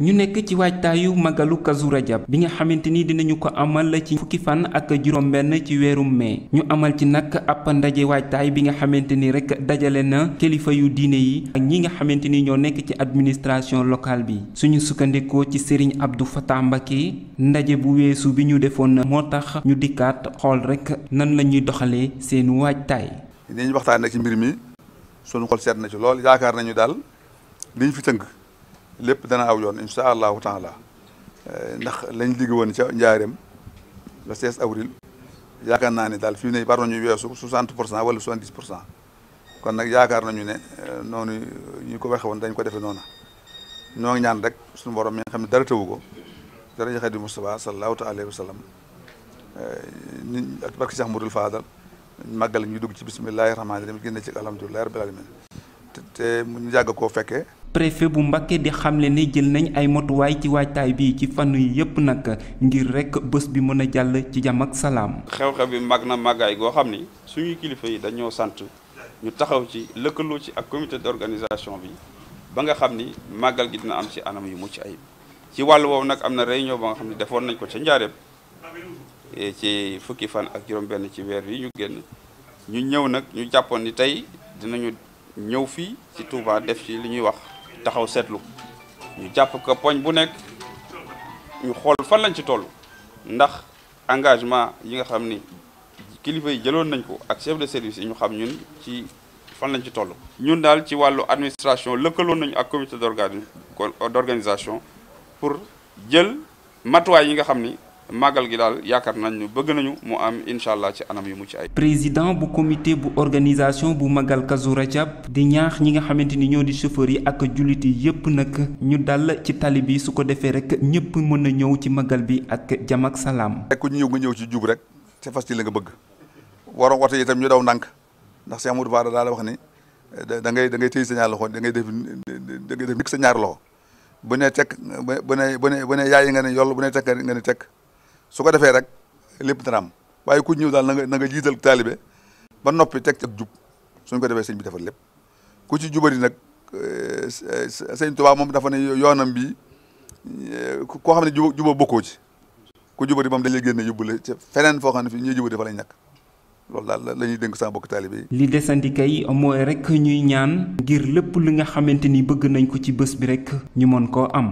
ñu nekk ci waajtaayu magalu kazu rajab bi nga xamante ni dinañu ko amal ci fukki fan ak juróom-benn ci weeru mai ñu amal ci nag ab ndaje waajtaay bi nga xamante ni rek dajale na kilifa yu diine yi ak ñi nga xamante ni ñoo nekk ci administration locale bi suñu sukkandiku ci sëriñ Abdou Fatah Mbacké ndaje bu weesu bi ñu defoon na moo tax ñu dikkaat xool rek nan lañuy doxalee seen waajtaay. dinañ waxtaan nag mbir mi sunu xol seet lool yaakaar nañu daal liñ fi tënk. lépp dana aw yoon incha allahu taala eh, ndax lañ liggéey woon ca njaareem le 16 avril yaakaar naa ne daal fii ne war nañu weesu 60 pour cent wala 70 pour cent kon nag yaakaar nañu ne eh, noonu ñu ko waxe woon dañ ko defee noona ñoo ngi ñaan rek suñu borom mi nga xam ne dara tëwu ko dara xadi Mustafa sallallahu taala alayhi wa sallam eh, ak barke Cheikh Moudou Fadal màggal ñu dugg ci bismillahi rahmaani rahim génne ci alhamdulillahi rabbil alamin te ñu yàgg koo fekkee préfet bu Mbacké di xamle ne jël nañ ay motuwaay ci waajtaay bii ci fànn yëpp nag ngir rek bés bi mën a jàll ci jàmm ak salaam. xew-xew bi mag na màggaay goo xam ni suñuy kilifa yi dañoo sant ñu taxaw ci lëkkaloo ci ak commité comité d'organisation bi ba nga xam ni màggal gi dina am ci anam yu mucc ayib ci wàll woow nag am na réunion ba nga xam ni defoon nañ ko ca Njaareem eh, ci fukki fan ak juróom-benn ci weer yi ñu génn ñu ñëw nag ñu jàppoon ni tey dinañu ñëw fii ci def ci li ñuy wax. taxaw setlu ñu japp ko poñ bu nek ñu xol fan lañ ci tollu ndax engagement yi nga xamni kilifa yi jëloon nañ ko ak chef de service ñu xam ñun ci fan lañ ci tollu ñun dal ci walu administration lëkkaloon nañ ak comité d'organisation pour jël matuwaay yi nga xamni màggal gi daal yaakaar nañ ñu bëgg nañu mu am incha allah ci anam mu mucc ay. président bu comité bu organisation bu màggal Kazu Rajab di ñaax ñi nga xamante ni ñoo di chauffeur yi ak jullit yi yépp nag ñu dal ci tali bi su ko defee rek ñëpp mën a ñëw ci màggal bi ak jàmm ak salaam. ku ñëw nga ñëw ci jub rek te ci la nga bëgg waroon wote itam ñu daw ndànk ndax Cheikh Amadou Ba daal wax ni da ngay da ngay téye sa ñaar loxo da ngay def da ngay def sa ñaar loxo bu ne teg bu ne bu ne bu ne yaay nga ne yoll bu ne tek nga ne teg su ko defee rek lépp dana waaye ku ñëw daal na nga na nga jiital taalibe ba noppi teg ak jub suñ ko defee sëñ bi defar lépp ku ci jubari nag eh, sëñ Tuubaa moom dafa ne yoonam bi eh, koo xam ne juba juba bokkoo ci ku jubari moom dañuy génne yóbbu la ci feneen foo xam ne fii ñuy jubari fa lañ nekk loolu daal la ñuy dénk sama bokk taalibe yi. li desandi kay mooy rek ñuy ñaan ngir lépp li nga xamante ni bëgg nañ ko ci bés bi rek ñu mën koo am.